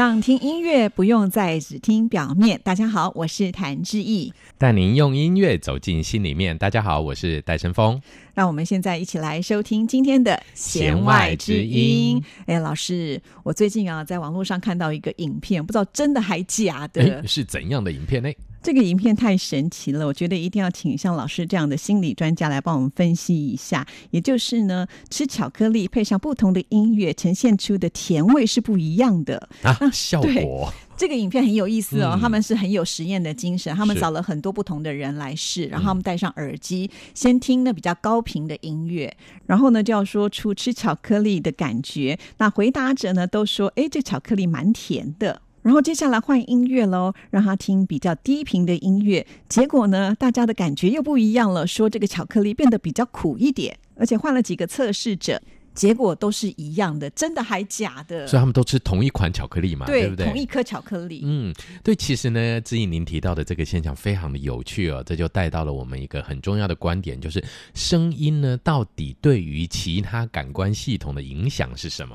讓聽音樂不用再只聽表面。大家好，我是譚志毅，帶您用音樂走進心裡面。大家好，我是戴晨峰。讓我們現在一起來收聽今天的弦外之音。之音哎，老師，我最近啊，在網絡上看到一個影片，不知道真的還假的？是怎樣的影片呢？這個影片太神奇了，我覺得一定要請像老師這樣的心理專家來幫我們分析一下。也就是呢，吃巧克力配上不同的音樂，呈現出的甜味是不一樣的。啊、那效果，這個影片很有意思哦。嗯、他們是很有實驗的精神，他們找了很多不同的人來試，是然後他們戴上耳機，先聽那比較高頻的音樂，嗯、然後呢就要說出吃巧克力的感覺。那回答者呢都說：“哎，這巧克力蠻甜的。”然後接下來換音樂嘍，讓他聽比較低頻的音樂。結果呢，大家的感覺又不一樣了，說這個巧克力變得比較苦一點。而且換了幾個測試者，結果都是一樣的，真的還假的？所以他們都吃同一款巧克力嘛，對，對不對？同一顆巧克力。嗯，對。其實呢，志毅您提到的這個現象非常的有趣哦，這就帶到了我們一個很重要的觀點，就是聲音呢，到底對於其他感官系統的影響是什麼？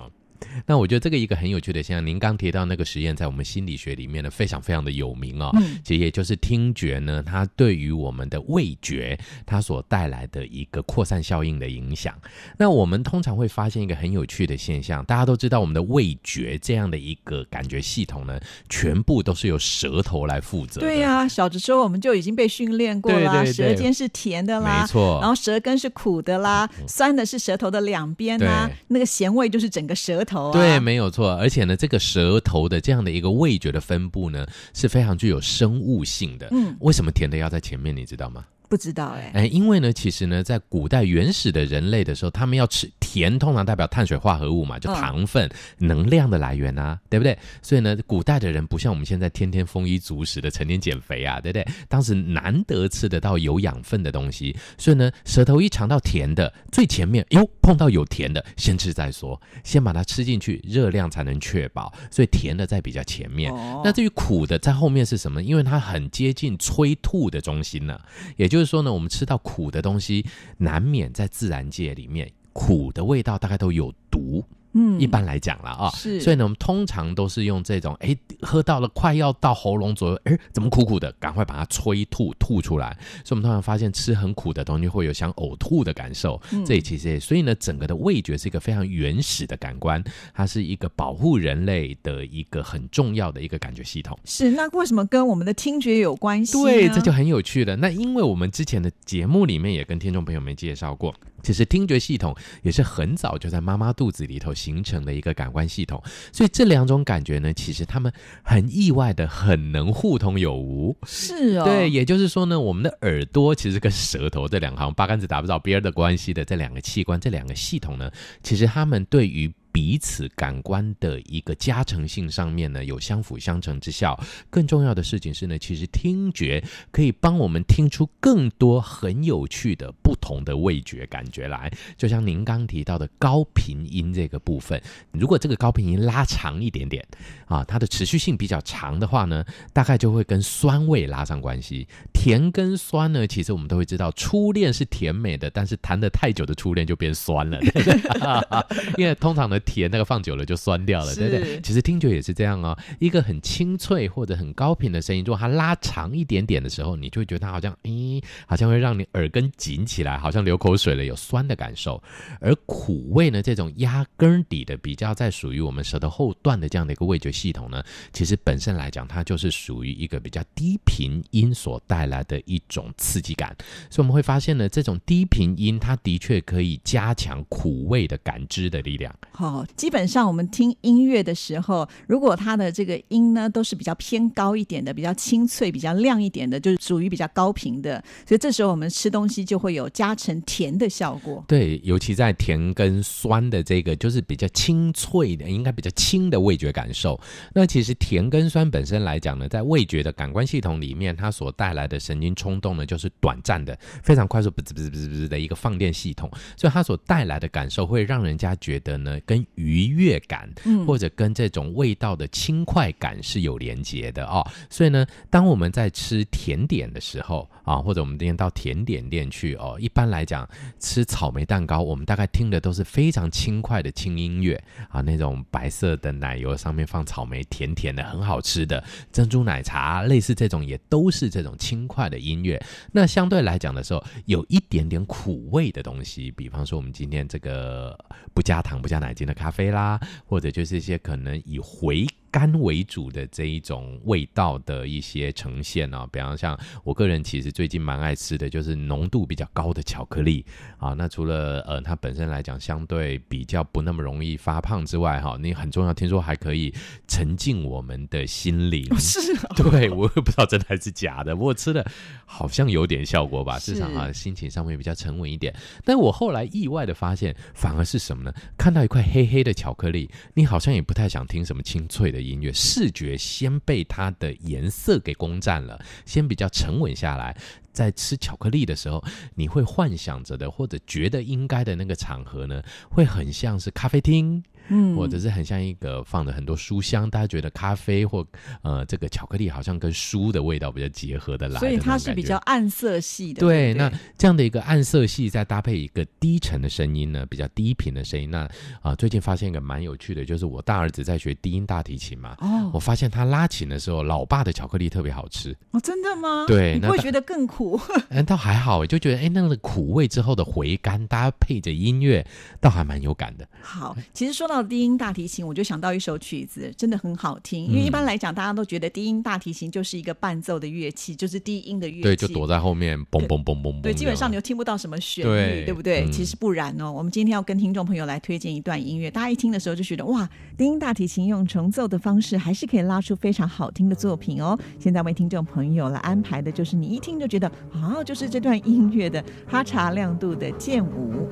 那我覺得這個一個很有趣的現象，您剛提到那個實驗，在我們心理學裡面呢，非常非常的有名哦。嗯，其實也就是聽覺呢，它對於我們的味覺，它所帶來的一個擴散效應的影響。那我們通常會發現一個很有趣的現象，大家都知道我們的味覺這樣的一個感覺系統呢，全部都是由舌頭來負責的。對呀、啊，小的時候我們就已經被訓練過啦，對對對，舌尖是甜的啦，沒錯，然後舌根是苦的啦，嗯嗯，酸的是舌頭的兩邊啦、啊，對那個鹹味就是整個舌頭。對，哇沒有錯，而且呢，這個舌頭的這樣的一個味覺的分布呢，是非常具有生物性的。嗯，為什麼甜的要在前面，你知道嗎？不知道哎、欸，哎、欸，因為呢，其實呢，在古代原始的人類的時候，他們要吃甜，通常代表碳水化合物嘛，就糖分，嗯、能量的來源啊，對不對？所以呢，古代的人不像我們現在天天豐衣足食的，成天減肥啊，對不對？當時難得吃得到有養分的東西，所以呢，舌頭一嘗到甜的，最前面喲，碰到有甜的，先吃再說，先把它吃進去，熱量才能確保。所以甜的在比較前面，哦、那至於苦的，在後面是什麼？因為它很接近催吐的中心呢、啊，也就是。就是說呢，我們吃到苦的東西，難免在自然界裡面，苦的味道大概都有毒。嗯，一般來講了啊，哦、是，所以呢，我們通常都是用這種，哎，喝到了快要到喉嚨左右，哎，怎麼苦苦的，趕快把它催吐吐出來。所以，我們通常發現吃很苦的東西會有想嘔吐的感受，這也其實也，所以呢，整個的味覺是一個非常原始的感官，它是一個保護人類的一個很重要的一個感覺系統。是，那為什麼跟我們的聽覺有關係呢？對，這就很有趣了。那因為我們之前的節目裡面也跟聽眾朋友們介紹過，其實聽覺系統也是很早就在媽媽肚子裡頭。形成的一個感官系統，所以這兩種感覺呢，其實他們很意外的很能互通有無，是哦。對，也就是說呢，我們的耳朵其實跟舌頭這兩行八竿子打不着邊兒的關係的這兩個器官，這兩個系統呢，其實他們對於。彼此感官的一個加成性上面呢，有相輔相成之效。更重要的事情是呢，其實聽覺可以幫我們聽出更多很有趣的不同的味覺感覺來。就像您剛提到的高頻音這個部分，如果這個高頻音拉長一點點啊，它的持續性比較長的話呢，大概就會跟酸味拉上關係。甜跟酸呢，其實我們都會知道，初戀是甜美的，但是談得太久的初戀就變酸了。 因為通常呢。甜那個放久了就酸掉了，是對不對？其實聽覺也是這樣哦。一個很清脆或者很高頻的聲音，如果它拉長一點點的時候，你就會覺得它好像，咦、欸，好像會讓你耳根緊起來，好像流口水了，有酸的感受。而苦味呢，這種壓根底的比較在屬於我們舌頭後段的這樣的一個味覺系統呢，其實本身來講，它就是屬於一個比較低頻音所帶來的一種刺激感。所以我們會發現呢，這種低頻音，它的確可以加強苦味的感知的力量。好。哦，基本上我們聽音樂的時候，如果它的這個音呢，都是比較偏高一點的，比較清脆、比較亮一點的，就是屬於比較高頻的。所以這時候我們吃東西就會有加成甜的效果。對，尤其在甜跟酸的這個，就是比較清脆的，應該比較輕的味覺感受。那其實甜跟酸本身來講呢，在味覺的感官系統裡面，它所帶來的神經衝動呢，就是短暫的、非常快速、不吱不吱不吱不吱的一個放電系統。所以它所帶來的感受會讓人家覺得呢，跟愉悅感，或者跟這種味道的輕快感是有連接的哦。嗯。所以呢，當我們在吃甜點的時候。啊，或者我們今天到甜點店去哦。一般來講，吃草莓蛋糕，我們大概聽的都是非常輕快的輕音樂啊。那種白色的奶油上面放草莓，甜甜的，很好吃的珍珠奶茶，類似這種也都是這種輕快的音樂。那相對來講的時候，有一點點苦味的東西，比方說我們今天這個不加糖、不加奶精的咖啡啦，或者就是一些可能以回。甘為主的這一種味道的一些呈現啊、哦，比方像，像我個人其實最近蠻愛吃的就是濃度比較高的巧克力啊。那除了呃它本身來講相對比較不那麼容易發胖之外哈、哦，你很重要，聽說還可以沉浸我們的心靈。是、哦，對，我也不知道真的還是假的，不過吃的好像有點效果吧。至少啊是心情上面比較沉穩一點。但我後來意外的發現，反而是什麼呢？看到一塊黑黑的巧克力，你好像也不太想聽什麼清脆的音樂、視覺先被它的顏色給攻佔了，先比較沉穩下來。在吃巧克力的時候，你會幻想着的，或者覺得應該的那個場合呢，會很像是咖啡廳。嗯，或者是很像一個放的很多書香，大家覺得咖啡或呃這個巧克力好像跟書的味道比較結合的來的，所以它是比較暗色系的。對，對對，那這樣的一個暗色系再搭配一個低沉的聲音呢，比較低頻的聲音。那啊、呃，最近發現一個蠻有趣的，就是我大兒子在學低音大提琴嘛，哦，我發現他拉琴的時候，老爸的巧克力特別好吃。哦，真的嗎？對，你會覺得更苦。嗯、 哎，倒還好，就覺得哎，那個苦味之後的回甘搭配着音樂，倒還蠻有感的。好，哎、其實說到。到低音大提琴，我就想到一首曲子，真的很好聽。因為一般來講，大家都覺得低音大提琴就是一個伴奏的樂器，就是低音的樂器。嗯、對，就躲在後面，嘣嘣嘣嘣。對，基本上你又聽不到什麼旋律，對,對不對？嗯、其實不然哦。我們今天要跟聽眾朋友來推薦一段音樂，大家一聽的時候就覺得哇，低音大提琴用重奏的方式，還是可以拉出非常好聽的作品哦。現在為聽眾朋友來安排的就是，你一聽就覺得啊，就是這段音樂的哈察都量的劍舞。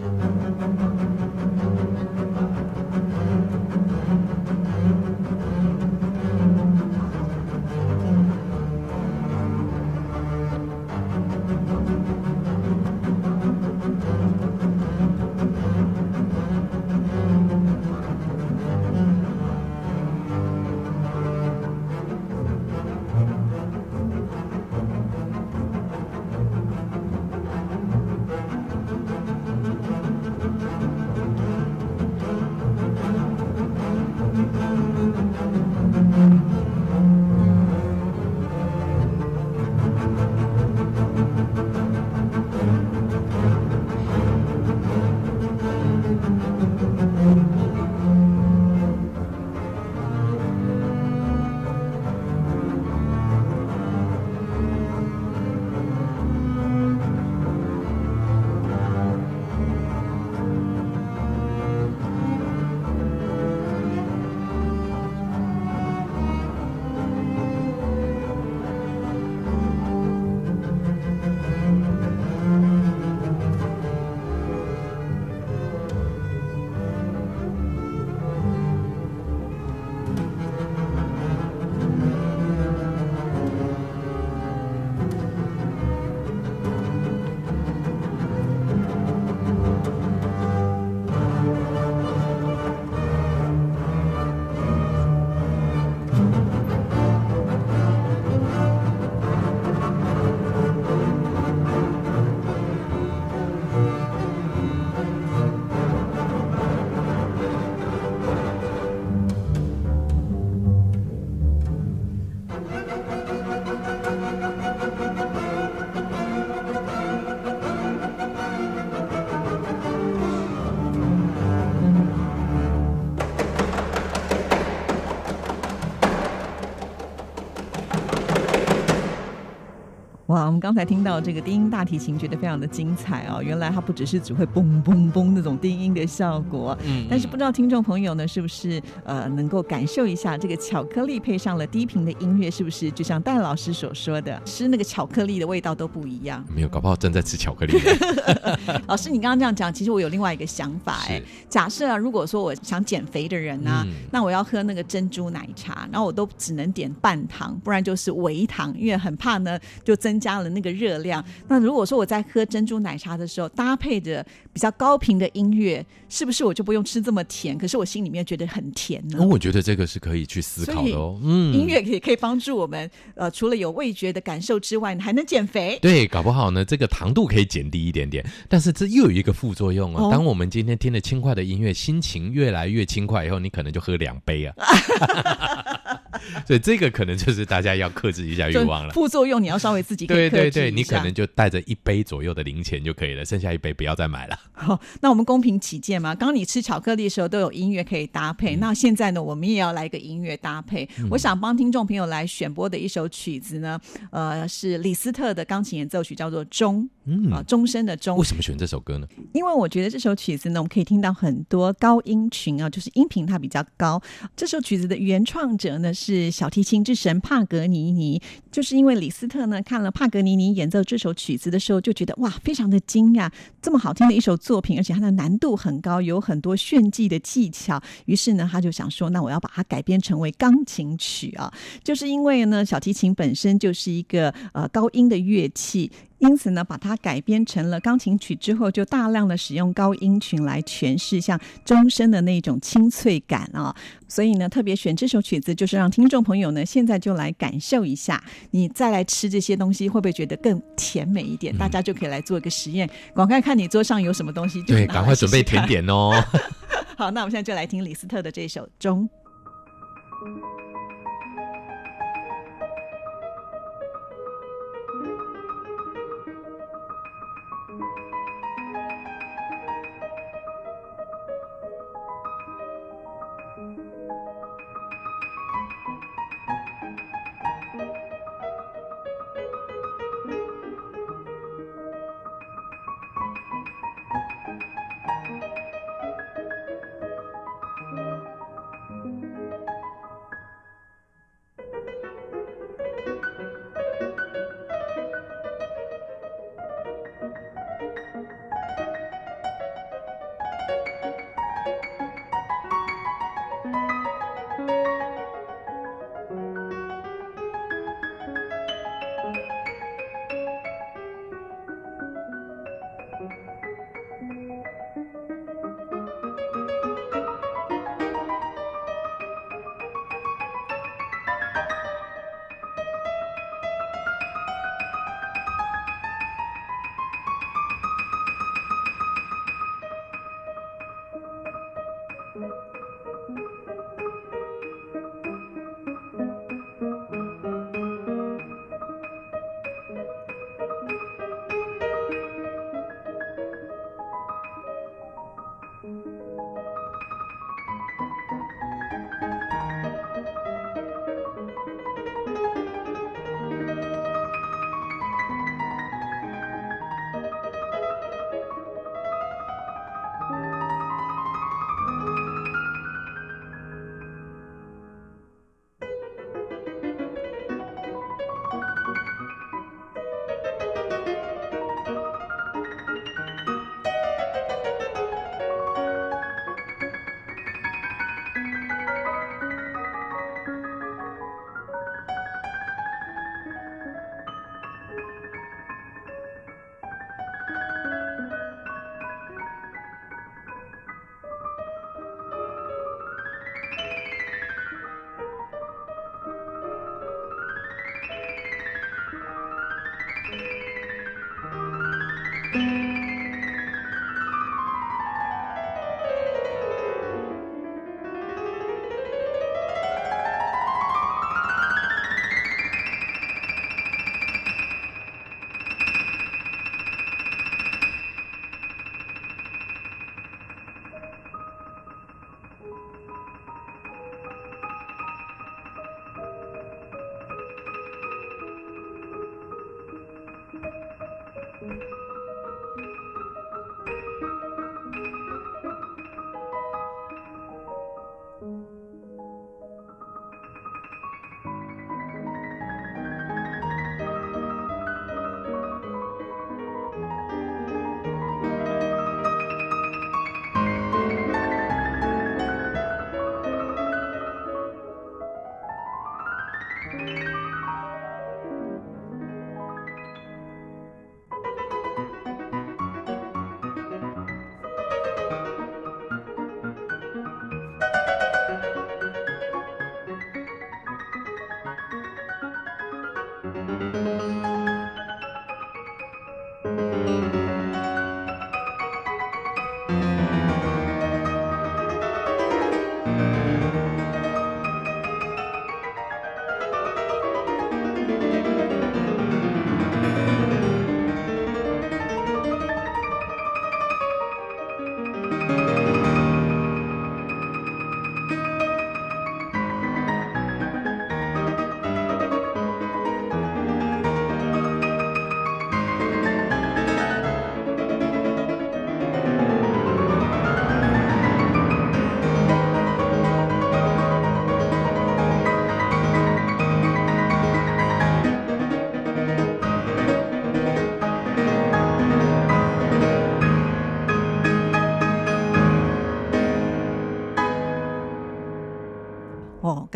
我們剛才聽到這個低音大提琴，覺得非常的精彩哦。原來它不只是只會嘣嘣嘣那種低音的效果。嗯。但是不知道聽眾朋友呢，是不是呃能夠感受一下這個巧克力配上了低頻的音樂，是不是就像戴老師所說的，吃那個巧克力的味道都不一樣。沒有，搞不好正在吃巧克力。 老師，你剛剛這樣講，其實我有另外一個想法哎、欸。是假設、啊、如果說我想減肥的人呢、啊，嗯、那我要喝那個珍珠奶茶，然後我都只能點半糖，不然就是微糖，因為很怕呢就增加。加了那個熱量，那如果說我在喝珍珠奶茶的時候搭配着比較高頻的音樂，是不是我就不用吃這麼甜？可是我心裡面覺得很甜呢。那、哦、我覺得這個是可以去思考的哦。嗯，音樂可以可以幫助我們，呃，除了有味覺的感受之外，你還能減肥。對，搞不好呢，這個糖度可以減低一點點。但是這又有一個副作用啊。當我們今天聽了輕快的音樂，心情越來越輕快以後，你可能就喝兩杯啊。 所以這個可能就是大家要克制一下慾望了。副作用你要稍微自己一下 對對對，你可能就帶着一杯左右的零錢就可以了，剩下一杯不要再買了。好、哦，那我們公平起見嘛，剛，剛你吃巧克力的時候都有音樂可以搭配，嗯、那現在呢，我們也要來一個音樂搭配。嗯、我想幫聽眾朋友來選播的一首曲子呢，嗯、呃，是李斯特的鋼琴演奏曲，叫做《鐘》啊，嗯呃《鐘聲的鐘》。為什麼選這首歌呢？因為我覺得這首曲子呢，我們可以聽到很多高音群啊，就是音頻它比較高。這首曲子的原創者呢是。是小提琴之神帕格尼尼，就是因為李斯特呢看了帕格尼尼演奏這首曲子的時候，就覺得哇，非常的驚訝，這麼好聽的一首作品，而且它的難度很高，有很多炫技的技巧。於是呢，他就想說，那我要把它改編成為鋼琴曲啊。就是因為呢，小提琴本身就是一個呃高音的樂器。因此呢，把它改編成了鋼琴曲之後，就大量的使用高音群來詮釋像鐘聲的那種清脆感啊、哦。所以呢，特別選這首曲子，就是讓聽眾朋友呢現在就來感受一下，你再來吃這些東西會不會覺得更甜美一點？嗯、大家就可以來做一個實驗，趕快看你桌上有什麼東西就試試，對，趕快準備甜點哦。 好，那我們現在就來聽李斯特的這首鐘。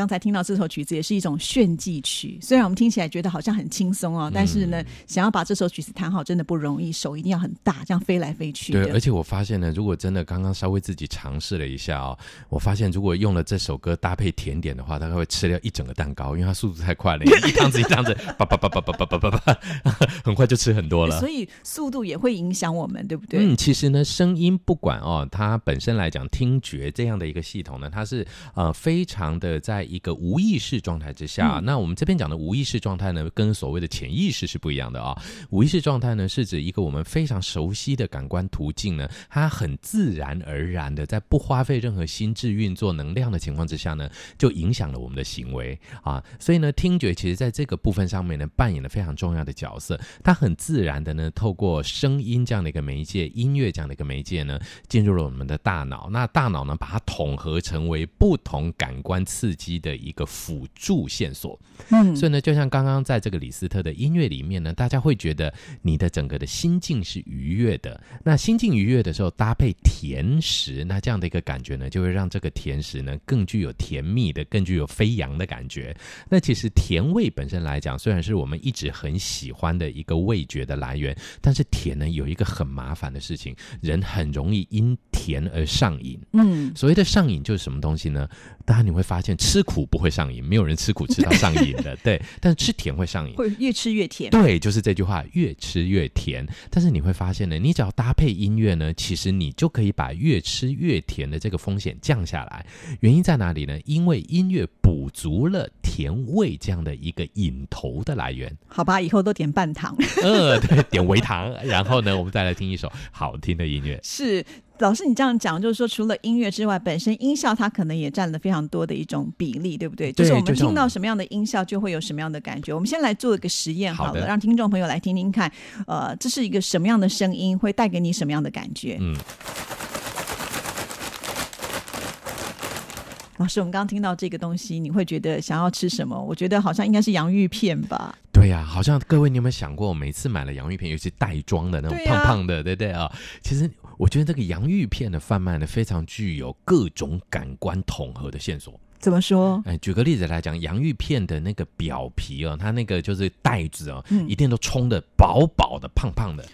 剛才聽到這首曲子也是一種炫技曲，雖然我們聽起來覺得好像很輕鬆哦，但是呢，想要把這首曲子彈好真的不容易，手一定要很大，這樣飛來飛去。對，而且我發現呢，如果真的剛剛稍微自己嘗試了一下哦，我發現如果用了這首歌搭配甜點的話，大概會吃掉一整個蛋糕，因為它速度太快了，一檔子一檔子，叭叭叭叭叭叭叭叭，很快就吃很多了。所以速度也會影響我們，對不對？嗯，其實呢，聲音不管哦，它本身來講聽覺這樣的一個系統呢，它是呃非常的在一個無意識狀態之下，嗯、那我們這邊講的無意識狀態呢，跟所謂的潛意識是不一樣的啊、哦。無意識狀態呢，是指一個我們非常熟悉的感官途徑呢，它很自然而然的，在不花費任何心智運作能量的情況之下呢，就影響了我們的行為啊。所以呢，聽覺其實在這個部分上面呢，扮演了非常重要的角色。它很自然的呢，透過聲音這樣的一個媒介，音樂這樣的一個媒介呢，進入了我們的大腦。那大腦呢，把它統合成為不同感官刺激的。的一個輔助線索，嗯，所以呢，就像剛剛在這個李斯特的音樂裡面呢，大家會覺得你的整個的心境是愉悅的。那心境愉悅的時候，搭配甜食，那這樣的一個感覺呢，就會讓這個甜食呢更具有甜蜜的、更具有飛揚的感覺。那其實甜味本身來講，雖然是我們一直很喜歡的一個味覺的來源，但是甜呢有一個很麻煩的事情，人很容易因甜而上癮。嗯，所謂的上癮就是什麼東西呢？大家你會發現吃。苦不會上癮，沒有人吃苦吃到上癮的， 對。但是吃甜會上癮，會越吃越甜。對，就是這句話，越吃越甜。但是你會發現呢，你只要搭配音樂呢，其實你就可以把越吃越甜的這個風險降下來。原因在哪裡呢？因為音樂。補足了甜味這樣的一個引頭的來源，好吧，以後都點半糖。呃，對，點微糖。 然後呢，我們再來聽一首好聽的音樂。是，老師，你這樣講就是說，除了音樂之外，本身音效它可能也占了非常多的一種比例，對不對？對，就是我們聽到什麼樣的音效，就會有什麼樣的感覺。像我們先來做一個實驗好了，好的，讓聽眾朋友來聽聽看，呃，這是一個什麼樣的聲音，會帶給你什麼樣的感覺？嗯。老師，我們剛剛聽到這個東西，你會覺得想要吃什麼？我覺得好像應該是洋芋片吧。對呀、啊，好像各位，你有沒有想過，每次買了洋芋片，尤其袋裝的那種胖胖的，對不、啊、對、對、對啊？其實，我覺得這個洋芋片的販賣呢，非常具有各種感官統合的線索。怎麼說？哎，舉個例子來講，洋芋片的那個表皮哦、啊，它那個就是袋子哦、啊，嗯、一定都充的飽飽的、胖胖的。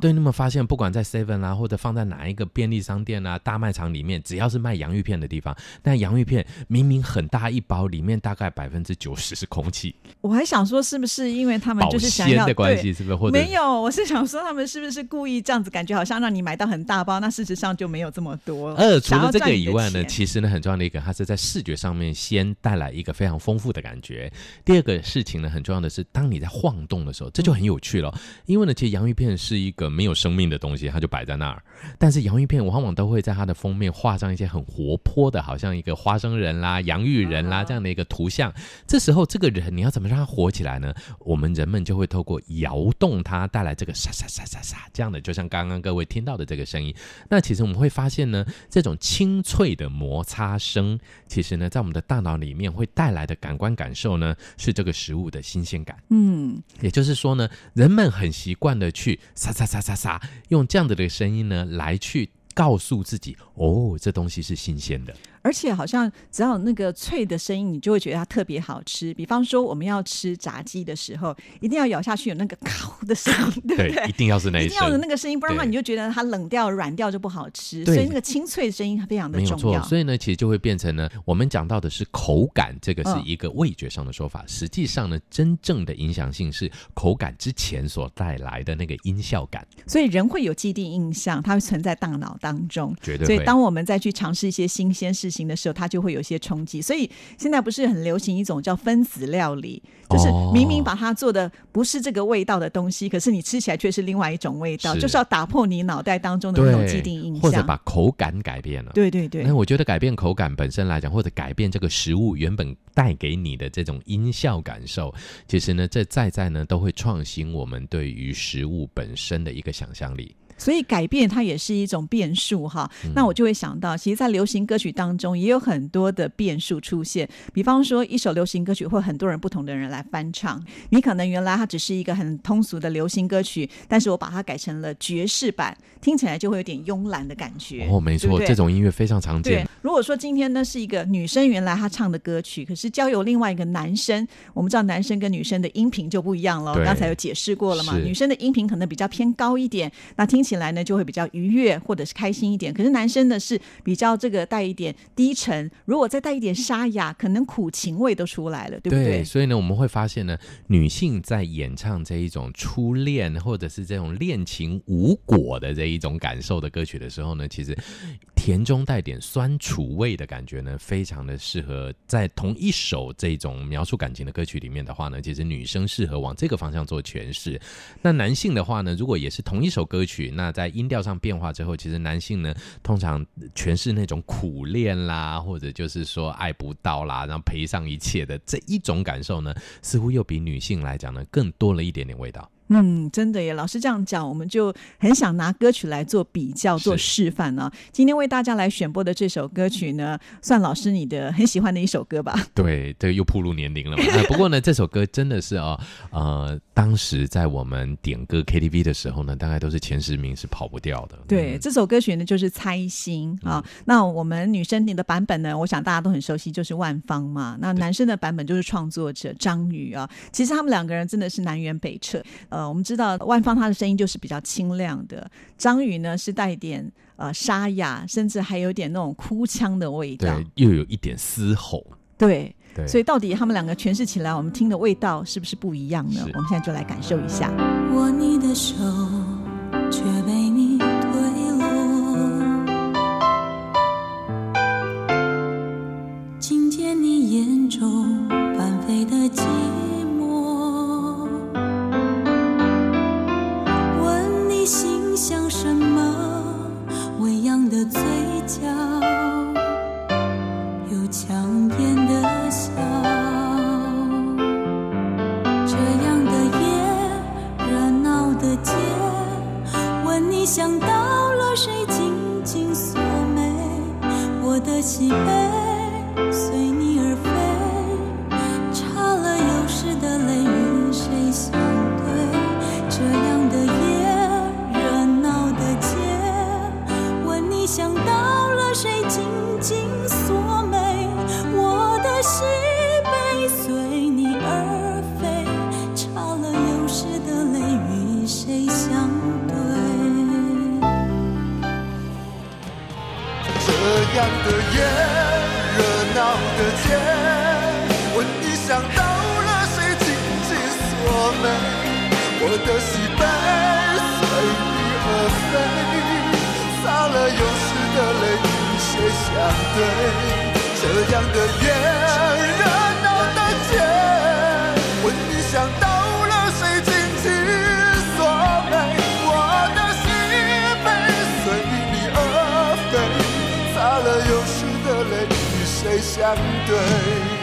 對，那麼發現不管在 Seven 啦、啊，或者放在哪一個便利商店啦、啊、大賣場裡面，只要是賣洋芋片的地方，但洋芋片明明很大一包，裡面大概百分之九十是空氣。我還想說，是不是因為他們就是想要保鮮的關係，是不是？對或者沒有，我是想說，他們是不是故意這樣子，感覺好像讓你買到很大包，那事實上就沒有這麼多。呃，除了這個以外呢，其實呢，很重要的一個，它是在視覺上面先帶來一個非常豐富的感覺。第二個事情呢，很重要的是，當你在晃動的時候，這就很有趣了，嗯、因為呢，其實洋芋片是。一個沒有生命的東西，它就擺在那兒。但是洋芋片，往往都會在它的封面畫上一些很活潑的，好像一個花生人啦、洋芋人啦這樣的一個圖像。這時候，這個人你要怎麼讓他活起來呢？我們人們就會透過搖動它，帶來這個沙沙沙沙沙這樣的，就像剛剛各位聽到的這個聲音。那其實我們會發現呢，這種清脆的摩擦聲，其實呢，在我們的大腦裡面會帶來的感官感受呢，是這個食物的新鮮感。嗯，也就是說呢，人們很習慣的去沙沙沙沙沙沙，用這樣的的聲音呢，來去告訴自己，哦，這東西是新鮮的。而且好像只要有那個脆的聲音，你就會覺得它特別好吃。比方說，我們要吃炸雞的時候，一定要咬下去有那個“咔”的聲音，對不對？對，一定要是那個一,一定要是那個聲音，對不然的話你就覺得它冷掉、軟掉就不好吃。對所以那個清脆的聲音非常的重要。所以呢，其實就會變成呢，我們講到的是口感，這個是一個味覺上的說法。哦、實際上呢，真正的影響性是口感之前所帶來的那個音效感。所以人會有既定印象，它會存在大腦當中。絕對。所以當我們再去嘗試一些新鮮事情。的時候，它就會有一些衝擊。所以現在不是很流行一種叫分子料理，就是明明把它做的不是這個味道的東西，哦、可是你吃起來卻是另外一種味道，是就是要打破你腦袋當中的那種既定印象，或者把口感改變了。對對對。那我覺得改變口感本身來講，或者改變這個食物原本帶給你的這種音效感受，其實呢，這在在呢都會創新我們對於食物本身的一個想象力。所以改變它也是一種變數哈。嗯，那我就會想到，其實，在流行歌曲當中也有很多的變數出現。比方說，一首流行歌曲，會很多人不同的人來翻唱。你可能原來它只是一個很通俗的流行歌曲，但是我把它改成了爵士版，聽起來就會有點慵懶的感覺。哦，沒錯，對不對？這種音樂非常常見。對，如果說今天呢是一個女生原來她唱的歌曲，可是交由另外一個男生，我們知道男生跟女生的音頻就不一樣了。剛對才有解釋過了嘛？是女生的音頻可能比較偏高一點，那聽。起來呢就會比較愉悅或者是開心一點，可是男生呢是比較這個帶一點低沉，如果再帶一點沙啞，可能苦情味都出來了，對不對？對，所以呢，我們會發現呢，女性在演唱這一種初戀或者是這種戀情無果的這一種感受的歌曲的時候呢，其實 甜中帶點酸楚味的感覺呢，非常的適合在同一首這種描述感情的歌曲裡面的話呢，其實女生適合往這個方向做詮釋。那男性的話呢，如果也是同一首歌曲，那在音調上變化之後，其實男性呢，通常詮釋那種苦戀啦，或者就是說愛不到啦，然後賠上一切的這一種感受呢，似乎又比女性來講呢，更多了一點點味道。嗯，真的耶，老師這樣講，我們就很想拿歌曲來做比較、做示範啊。是今天為大家來選播的這首歌曲呢，算老師你的很喜歡的一首歌吧。對，這個又暴露年齡了嘛、 哎。不過呢，這首歌真的是啊，呃，當時在我們點歌 KTV 的時候呢，大概都是前十名是跑不掉的。對，嗯、這首歌曲呢就是《猜心》啊。嗯、那我們女生你的版本呢，我想大家都很熟悉，就是萬芳嘛。那男生的版本就是創作者張宇啊。其實他們兩個人真的是南轅北轍。啊呃，我們知道萬芳她的聲音就是比較清亮的，張宇呢是帶一點呃、沙啞，甚至還有點那種哭腔的味道，對，又有一點嘶吼，對，對，所以到底他們兩個詮釋起來，我們聽的味道是不是不一樣呢？是我們現在就來感受一下。這樣的夜，熱鬧的街，問你想到了誰，緊緊鎖眉。我的喜悲隨你而飛，灑了又濕的淚，與誰相對？這樣的夜。相對。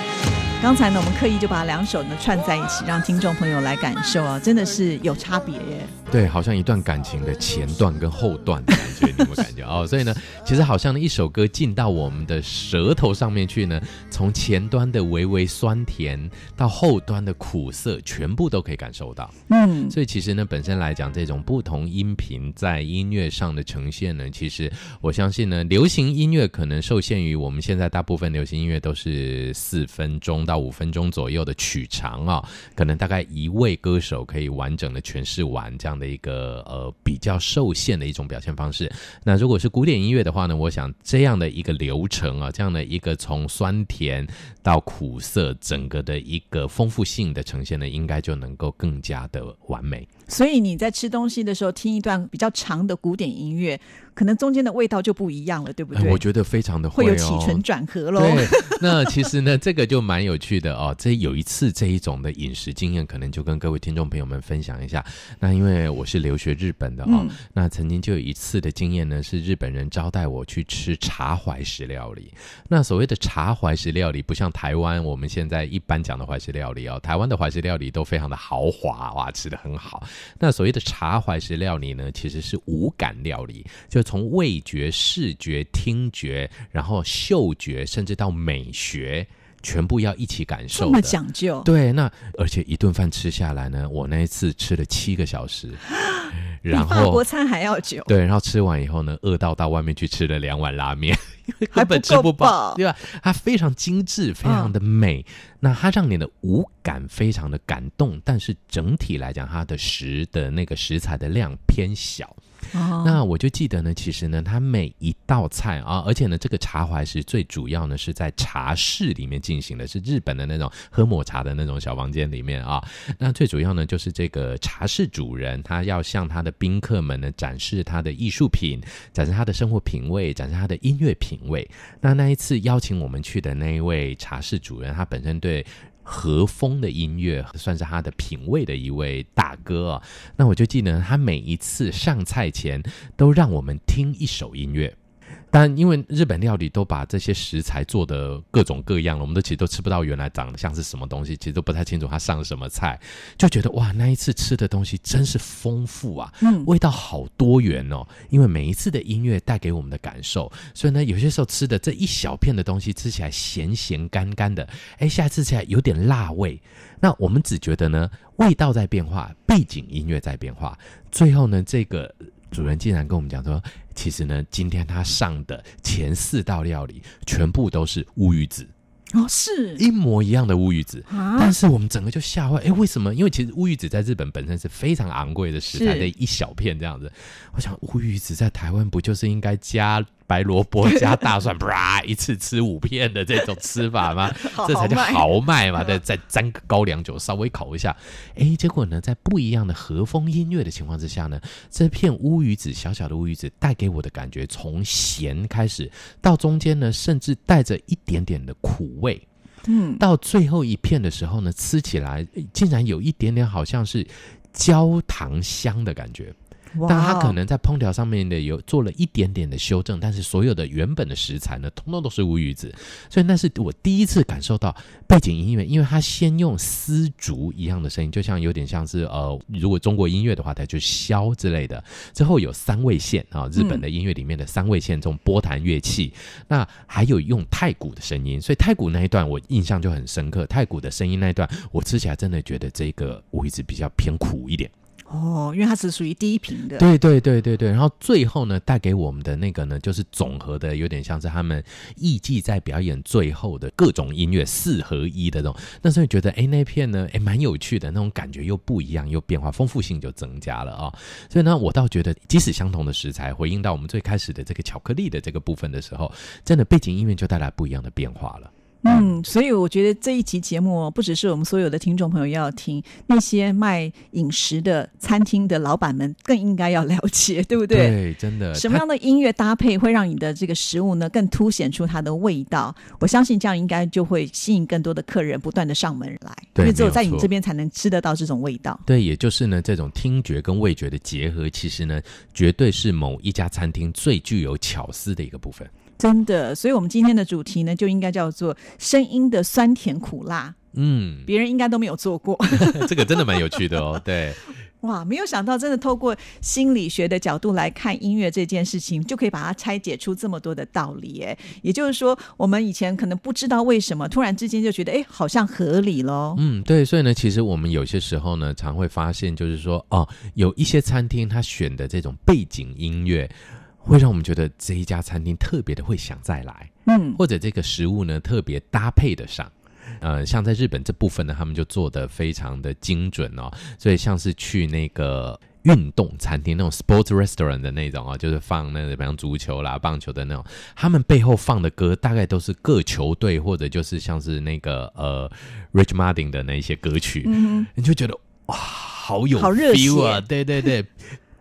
剛才呢，我們刻意就把兩首呢串在一起，讓聽眾朋友來感受啊，真的是有差別耶。對，好像一段感情的前段跟後段的感覺，你有沒有感覺？ 哦，所以呢，其實好像呢，一首歌進到我們的舌頭上面去呢，從前端的微微酸甜到後端的苦澀，全部都可以感受到。嗯，所以其實呢，本身來講，這種不同音頻在音樂上的呈現呢，其實我相信呢，流行音樂可能受限於我們現在大部分流行音樂都是四分鐘到五分鐘左右的曲長啊、哦，可能大概一位歌手可以完整的詮釋完這樣的一個呃比較受限的一種表現方式。那如果是古典音樂的話呢，我想這樣的一個流程啊、哦，這樣的一個從酸甜到苦澀，整個的一個豐富性的呈現呢，應該就能夠更加的完美。所以你在吃東西的時候聽一段比較長的古典音樂，可能中間的味道就不一樣了，對不對？欸、我覺得非常的會，、哦、會有起承轉合嘍。對，那其實呢，這個就蠻有趣的哦。這有一次這一種的飲食經驗，可能就跟各位聽眾朋友們分享一下。那因為我是留學日本的哦，嗯、那曾經就有一次的經驗呢，是日本人招待我去吃茶懷石料理。那所謂的茶懷石料理，不像台灣我們現在一般講的懷石料理哦，台灣的懷石料理都非常的豪華哇，吃的很好。那所謂的茶懷石料理呢，其實是五感料理，就從味覺、視覺、聽覺，然後嗅覺，甚至到美學，全部要一起感受。那麼講究？對，那而且一頓飯吃下來呢，我那一次吃了七個小時。 比法國餐還要久，對。然後吃完以後呢，餓到到外面去吃了兩碗拉麵，因為根本吃不飽。不飽對吧？它非常精緻，非常的美，啊、那它讓你的五感非常的感動，但是整體來講，它的食的那個食材的量偏小。 那我就記得呢，其實呢，他每一道菜啊，而且呢，這個茶懷石最主要呢，是在茶室裡面進行的，是日本的那種喝抹茶的那種小房間裡面啊。那最主要呢，就是這個茶室主人他要向他的賓客們呢展示，他的藝術品，展示他的生活品味，展示他的音樂品味。那那一次邀請我們去的那一位茶室主人，他本身對。和風的音樂算是他的品味的一位大哥，那我就記得他每一次上菜前都讓我們聽一首音樂。但因為日本料理都把這些食材做得各種各樣了，我們都其實都吃不到原來長得像是什麼東西，其實都不太清楚它上的什麼菜，就覺得哇，那一次吃的東西真是豐富啊，嗯，味道好多元哦。因為每一次的音樂帶給我們的感受，所以呢，有些時候吃的這一小片的東西吃起來鹹鹹乾乾的，哎，下次吃起來有點辣味，那我們只覺得呢，味道在變化，背景音樂在變化，最後呢，這個主人竟然跟我們講說。其實呢，今天他上的前四道料理全部都是烏魚子哦，是一模一樣的烏魚子啊，但是我們整個就嚇壞，哎、欸，為什麼？因為其實烏魚子在日本本身是非常昂貴的食材，的是一小片這樣子。我想烏魚子在台灣不就是應該加？白蘿蔔加大蒜，啪！ 一次吃五片的這種吃法嗎？ 好浪漫。這才叫豪邁嘛！再再沾個高粱酒，稍微烤一下。誒，結果呢，在不一樣的和風音樂的情況之下呢，這片烏魚子小小的烏魚子帶給我的感覺，從鹹開始，到中間呢，甚至帶着一點點的苦味，嗯，到最後一片的時候呢，吃起來竟然有一點點好像是焦糖香的感覺。但他可能在烹調上面的有做了一點點的修正，Wow 但是所有的原本的食材呢，通通都是烏魚子，所以那是我第一次感受到背景音樂，因為他先用絲竹一樣的聲音，就像有點像是呃，如果中國音樂的話，它就簫之類的，之後有三味線啊，日本的音樂裡面的三味線、嗯、這種撥彈樂器，那還有用太鼓的聲音，所以太鼓那一段我印象就很深刻，太鼓的聲音那一段我吃起來真的覺得這一個烏魚子比較偏苦一點。哦，因為它是屬於低頻的。對對對對對，然後最後呢，帶給我們的那個呢，就是總和的有點像是他們藝伎在表演最後的各種音樂四合一的那種。那時候覺得，哎、欸，那片呢，哎、欸，蠻有趣的那種感覺，又不一樣，又變化，豐富性就增加了啊、喔。所以呢，我倒覺得，即使相同的食材，回應到我們最開始的這個巧克力的這個部分的時候，真的背景音樂就帶來不一樣的變化了。嗯，所以我覺得這一期節目不只是我們所有的聽眾朋友要聽，那些賣飲食的餐廳的老板們更應該要了解，對不對？對，真的。什麼樣的音樂搭配會讓你的這個食物呢，更凸顯出它的味道？我相信這樣應該就會吸引更多的客人不斷的上門來，對，因為只有在你這邊才能吃得到這種味道。對。對，也就是呢，這種聽覺跟味覺的結合，其實呢，絕對是某一家餐廳最具有巧思的一個部分。真的，所以我們今天的主題呢，就應該叫做“聲音的酸甜苦辣”。嗯，別人應該都沒有做過。 這個真的蠻有趣的哦，對。哇，沒有想到，真的透過心理學的角度來看音樂這件事情，就可以把它拆解出這麼多的道理耶。哎，也就是說，我們以前可能不知道為什麼，突然之間就覺得，哎，好像合理咯。嗯，對，所以呢，其實我們有些時候呢，常會發現，就是說，哦，有一些餐廳他選的這種背景音樂。會讓我們覺得這一家餐廳特別的，會想再來，嗯，或者這個食物呢，特別搭配得上，呃，像在日本這部分呢，他們就做得非常的精準哦，所以像是去那個運動餐廳那種 sports restaurant 的那種啊，哦，就是放那個比方足球啦、棒球的那種，他們背後放的歌大概都是各球隊或者就是像是那個呃，Rich Martin 的那一些歌曲，嗯、你就覺得哇，好有、feel 啊，好熱血啊，對對對。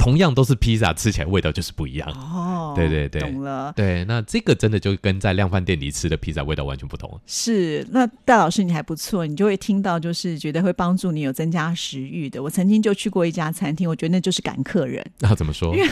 同樣都是披薩，吃起來的味道就是不一樣哦。對對對，懂了。對，那這個真的就跟在量販店裡吃的披薩味道完全不同。是，那戴老師你還不錯，你就會聽到，就是覺得會幫助你有增加食慾的。我曾經就去過一家餐廳，我覺得那就是趕客人。那、啊、怎麼說？因為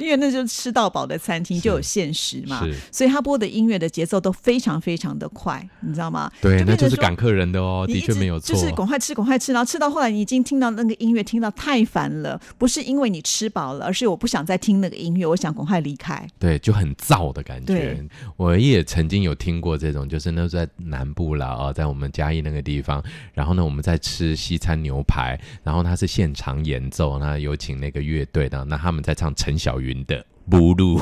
因為那就是吃到飽的餐廳是就有限時嘛，是所以他播的音樂的節奏都非常非常的快，你知道嗎？對，就那就是趕客人的哦，的確沒有錯，就是趕快吃，趕快吃，然後吃到後來你已經聽到那個音樂，聽到太煩了，不是因為你吃。吃飽了，而是我不想再聽那個音樂，我想趕快離開。對，就很燥的感覺。對我也曾經有聽過這種，就是那是在南部啦，啊、哦，在我們嘉義那個地方，然後呢，我們在吃西餐牛排，然後他是現場演奏，那有請那個樂隊的，那他們在唱陳小雲的，不露 B、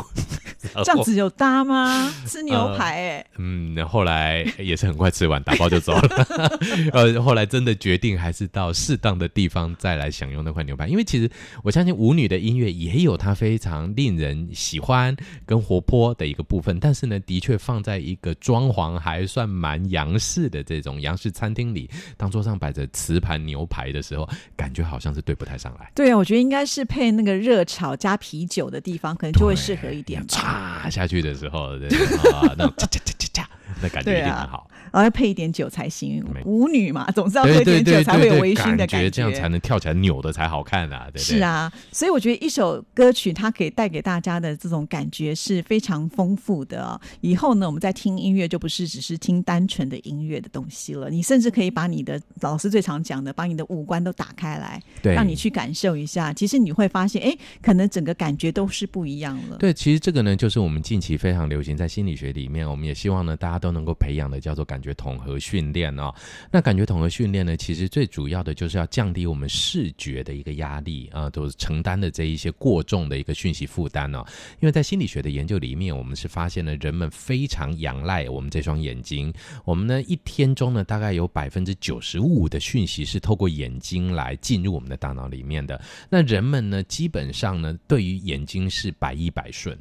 啊，這樣子有搭嗎？哦、吃牛排哎、呃，嗯，後來也是很快吃完打包就走了。 呃，後來真的決定還是到適當的地方再來享用那塊牛排，因為其實我相信舞女的音樂也有它非常令人喜歡跟活潑的一個部分，但是呢，的確放在一個裝潢還算蠻洋式的這種洋式餐廳裡，當桌上擺着瓷盤牛排的時候，感覺好像是對不太上來。對啊，我覺得應該是配那個熱炒加啤酒的地方可能。對就會適合一點，啪、啊、下去的時候，對 啊，那種擦擦擦擦，那感覺一定很好。然後要配一點酒才行，舞女嘛，總是要喝點酒才會有微醺的感覺，對對對對對，感覺這樣才能跳起來扭的才好看啊，對，對是啊，所以我覺得一首歌曲它可以帶給大家的這種感覺是非常豐富的，哦。以後呢，我們在聽音樂就不是只是聽單純的音樂的東西了，你甚至可以把你的老師最常講的，把你的五官都打開來，對讓你去感受一下，其實你會發現，哎，可能整個感覺都是不一樣了。對，其實這個呢，就是我們近期非常流行，在心理學裡面，我們也希望呢，大家都能夠培養的叫做感。感覺統合訓練哦，那感覺統合訓練呢，其實最主要的就是要降低我們視覺的一個壓力啊，都是承擔的這一些過重的一個訊息負擔哦。因為在心理學的研究裡面，我們是發現了人們非常仰賴我們這雙眼睛。我們呢，一天中呢，大概有百分之九十五的訊息是透過眼睛來進入我們的大腦裡面的。那人們呢，基本上呢，對於眼睛是百依百順。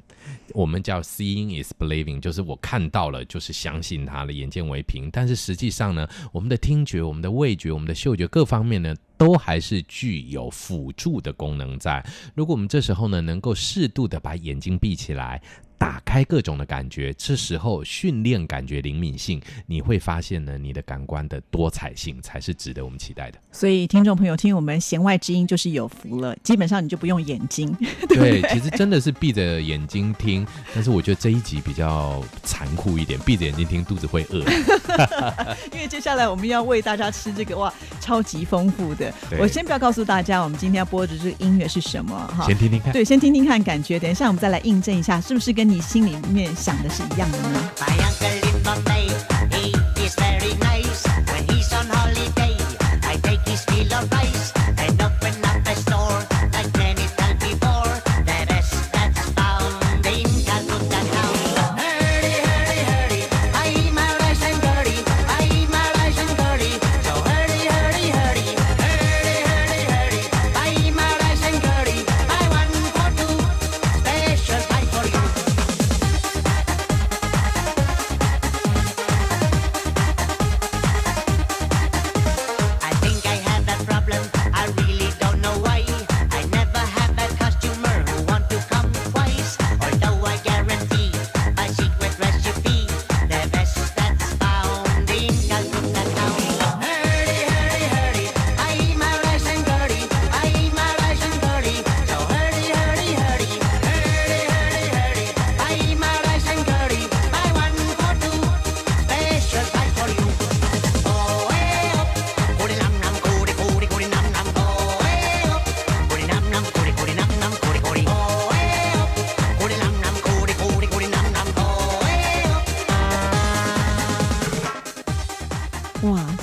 我們叫 “seeing is believing”，就是我看到了，就是相信它了。眼見為憑。但是實際上呢，我們的聽覺、我們的味覺、我們的嗅覺各方面呢，都還是具有輔助的功能在。如果我們這時候呢，能夠適度的把眼睛閉起來，打開各種的感覺，這時候訓練感覺靈敏性，你會發現呢，你的感官的多彩性才是值得我們期待的。所以，聽眾朋友聽我們弦外之音就是有福了，基本上你就不用眼睛。對，對其實真的是閉着眼睛聽， 但是我覺得這一集比較殘酷一點，閉着眼睛聽肚子會餓， 因為接下來我們要為大家吃這個哇，超級豐富的。對我先不要告訴大家，我們今天要播的這個音樂是什麼哈？先聽聽看，對，先聽聽看感覺，等一下我們再來印證一下，是不是跟你心裡面想的是一樣的呢？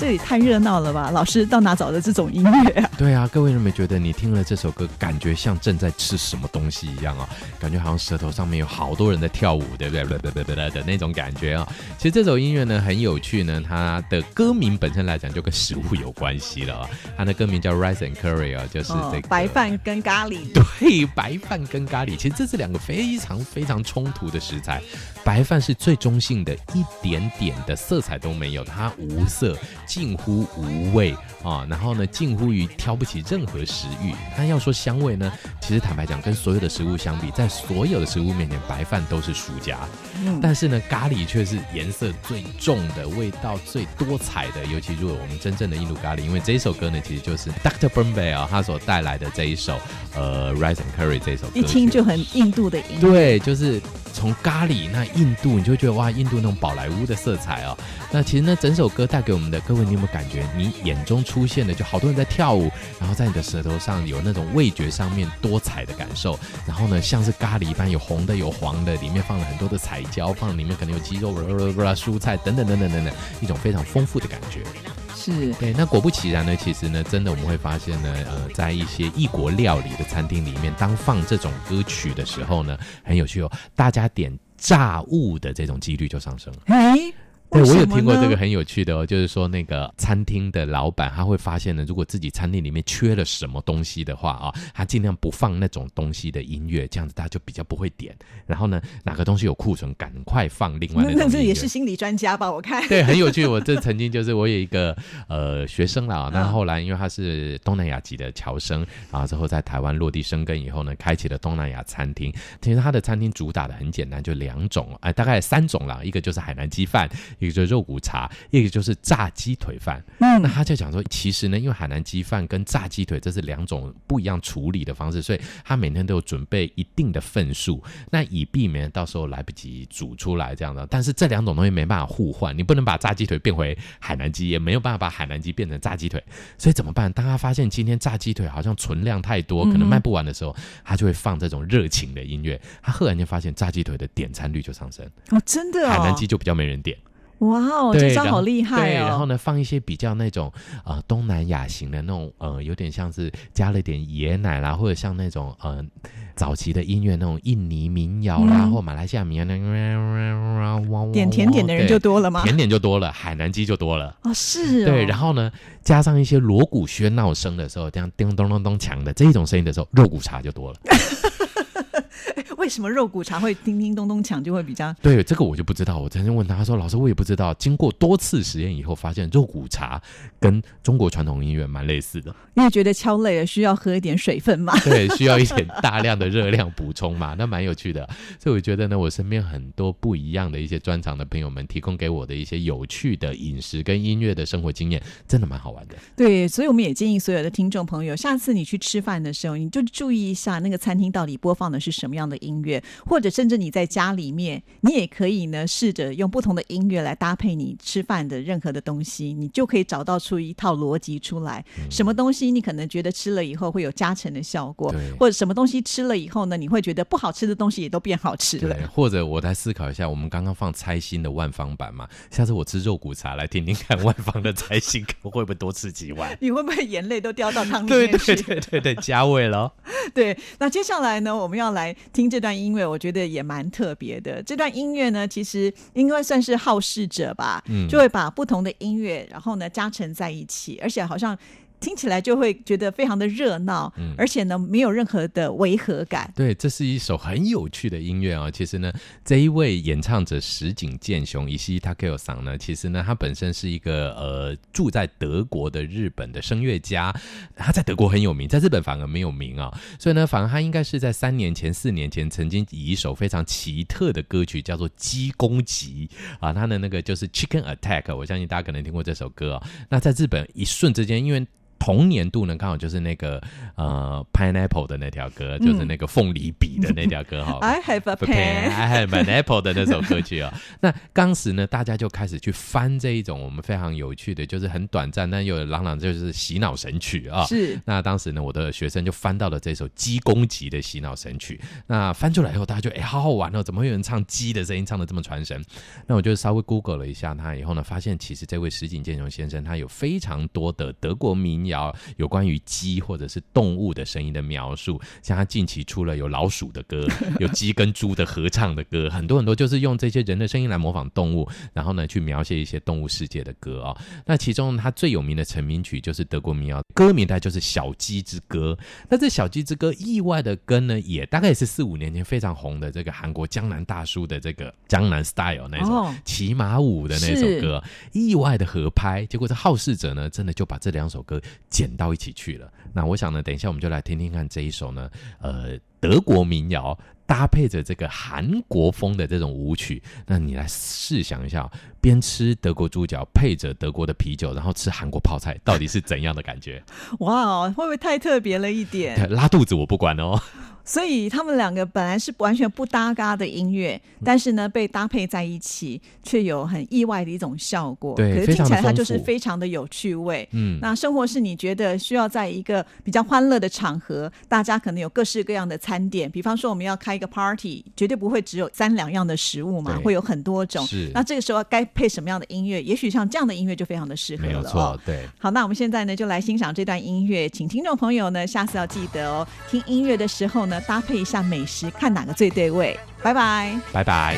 這也太熱鬧了吧！老師到哪找的這種音樂啊？對啊，各位有沒有覺得你聽了這首歌，感覺像正在吃什麼東西一樣啊？感覺好像舌頭上面有好多人在跳舞，對不對？的那種感覺啊！其實這首音樂呢很有趣呢，它的歌名本身來講就跟食物有關係了哦。它的歌名叫 Rice and Curry，哦，就是這個，哦，白飯跟咖喱。對，白飯跟咖喱，其實這是兩個非常非常衝突的食材。白飯是最中性的，一點點的色彩都沒有，它無色，近乎無味啊。然後呢，近乎於挑不起任何食慾。但要說香味呢，其實坦白講，跟所有的食物相比，在所有的食物面前，白飯都是輸家。嗯、但是呢，咖喱卻是顏色最重的，味道最多彩的。尤其如果我們真正的印度咖喱，因為這首歌呢，其實就是 Dr. Bombay、um、啊他所帶來的這一首呃 Rice and Curry 這首歌，歌一聽就很印度的音樂。對，就是。從咖喱那印度，你就會覺得哇，印度那種寶萊塢的色彩哦、喔。那其實呢，整首歌帶給我們的，各位你有沒有感覺？你眼中出現的就好多人在跳舞，然後在你的舌頭上有那種味覺上面多彩的感受。然後呢，像是咖喱一般有紅的有黃的，裡面放了很多的彩椒，放裡面可能有雞肉、呃呃呃蔬菜等等等等等等，一種非常豐富的感覺。對，那果不其然呢，其實呢，真的我們會發現呢，呃，在一些異國料理的餐廳裡面，當放這種歌曲的時候呢，很有趣哦，大家點炸物的這種幾率就上升了。Hey? 對，我有聽過這個很有趣的哦，就是說那個餐廳的老闆他會發現呢，如果自己餐廳裡面缺了什麼東西的話啊、哦，他盡量不放那種東西的音樂，這樣子他就比較不會點。然後呢，哪個東西有庫存，趕快放另外那，那。那這也是心理專家吧？我看。對，很有趣。我這曾經就是我有一個呃學生啦、哦，然 那後來因為他是東南亞籍的僑生然後之後在台灣落地生根以後呢，開啟了東南亞餐廳。其實他的餐廳主打的很簡單，就兩種啊、哎，大概三種啦。一個就是海南雞飯。一個就是肉骨茶，一個就是炸雞腿飯。嗯，那他就講說，其實呢，因為海南雞飯跟炸雞腿這是兩種不一樣處理的方式，所以他每天都有準備一定的份數，那以避免到時候來不及煮出來這樣的。但是這兩種東西沒辦法互換，你不能把炸雞腿變回海南雞，也沒有辦法把海南雞變成炸雞腿，所以怎麼辦？當他發現今天炸雞腿好像存量太多，嗯、可能賣不完的時候，他就會放這種熱情的音樂，他赫然就發現炸雞腿的點餐率就上升哦，真的、哦，海南雞就比較沒人點。哇，哦 Wow, 對，這招好厲害、哦、對，然後呢，放一些比較那種呃東南亞型的那種呃，有點像是加了點椰奶啦，或者像那種呃早期的音樂那種印尼民謠啦，或、嗯、馬來西亞民謠啦、呃呃呃呃呃呃呃、點甜點的人就多了嗎？甜點就多了，海南雞就多了啊、哦！是、哦，對，然後呢，加上一些鑼鼓喧鬧聲的時候，這樣叮咚咚咚強的這一種聲音的時候，肉骨茶就多了。 為什麼肉骨茶會叮叮咚咚敲就會比較？對，這個我就不知道。我曾經問他，他說：“老師，我也不知道。”經過多次實驗以後，發現肉骨茶跟中國傳統音樂蠻類似的。因為覺得敲累了，需要喝一點水分，嘛？對，需要一點大量的熱量補充嘛？ 那蠻有趣的。所以我覺得呢，我身邊很多不一樣的一些專長的朋友們提供給我的一些有趣的飲食跟音樂的生活經驗，真的蠻好玩的。對，所以我們也建議所有的聽眾朋友，下次你去吃飯的時候，你就注意一下那個餐廳到底播放的是什麼。什麼樣的音樂，或者甚至你在家裡面，你也可以呢，試着用不同的音樂來搭配你吃飯的任何的東西，你就可以找到出一套邏輯出來。嗯、什麼東西你可能覺得吃了以後會有加成的效果，對或者什麼東西吃了以後呢，你會覺得不好吃的東西也都變好吃了。對或者我再思考一下，我們剛剛放《猜心》的萬方版嘛，下次我吃肉骨茶來聽聽看萬方的猜心，看我，會不會多吃幾碗，萬？你會不會眼淚都掉到湯裡面去？對,對對對對，加味了。 對，那接下來呢，我們要來。聽這段音樂，我覺得也蠻特別的。這段音樂呢，其實應該算是好事者吧，嗯、就會把不同的音樂，然後呢，加乘在一起，而且好像。聽起來就會覺得非常的熱鬧，嗯、而且呢，沒有任何的違和感。對，這是一首很有趣的音樂啊、哦。其實呢，這一位演唱者石井健雄以西他 h i t k s 呢， 其實呢，他本身是一個呃住在德國的日本的聲樂家，他在德國很有名，在日本反而沒有名啊、哦。所以呢，反而他應該是在三年前、四年前曾經以一首非常奇特的歌曲叫做《雞攻擊》。啊，他的那個就是《Chicken Attack》，我相信大家可能聽過這首歌啊、哦。那在日本一瞬之間，因為同年度呢，剛好就是那個呃 pineapple 的那條歌，嗯、就是那個鳳梨筆的那條歌哈。嗯、吧 I have a pen, I have an apple 的那首歌曲啊、哦。 那當時呢，大家就開始去翻這一種我們非常有趣的，就是很短暫但又有朗朗就是洗腦神曲啊、哦。是。那當時呢，我的學生就翻到了這首雞公雞的洗腦神曲。那翻出來以後，大家就哎、欸、好好玩哦，怎麼會有人唱雞的聲音唱的這麼傳神？那我就稍微 Google 了一下他以後呢，發現其實這位石井健雄先生他有非常多的德國名言。要有關於雞或者是動物的聲音的描述，像他近期出了有老鼠的歌，有雞跟豬的合唱的歌，很多很多就是用這些人的聲音來模仿動物，然後呢去描寫一些動物世界的歌啊、哦。那其中他最有名的成名曲就是德國民謠歌名帶就是《小雞之歌》。那這《小雞之歌》意外的跟呢，也大概也是四五年前非常紅的這個韓國江南大叔的這個《江南 Style》那種騎馬舞的那首歌，意外的合拍，結果這好事者呢真的就把這兩首歌，剪到一起去了。那我想呢，等一下我們就來聽聽看這一首呢，呃，德國民謠搭配着這個韓國風的這種舞曲。那你來試想一下，邊吃德國豬腳配着德國的啤酒，然後吃韓國泡菜，到底是怎樣的感覺？哇，會不會太特別了一點？拉肚子我不管哦。所以他們兩個本來是完全不搭嘎的音樂，但是呢，被搭配在一起卻有很意外的一種效果。對，可是聽起來它就是非常的有趣味。嗯，那生活是你覺得需要在一個比較歡樂的場合，大家可能有各式各樣的餐點。比方說，我們要開一個 party，絕對不會只有三兩樣的食物嘛，對會有很多種。是。那這個時候該配什麼樣的音樂？也許像這樣的音樂就非常的適合了喔。沒有錯，對。好，那我們現在呢就來欣賞這段音樂，請聽眾朋友呢下次要記得哦，聽音樂的時候呢。搭配一下美食，看哪個最對味。拜拜，拜拜。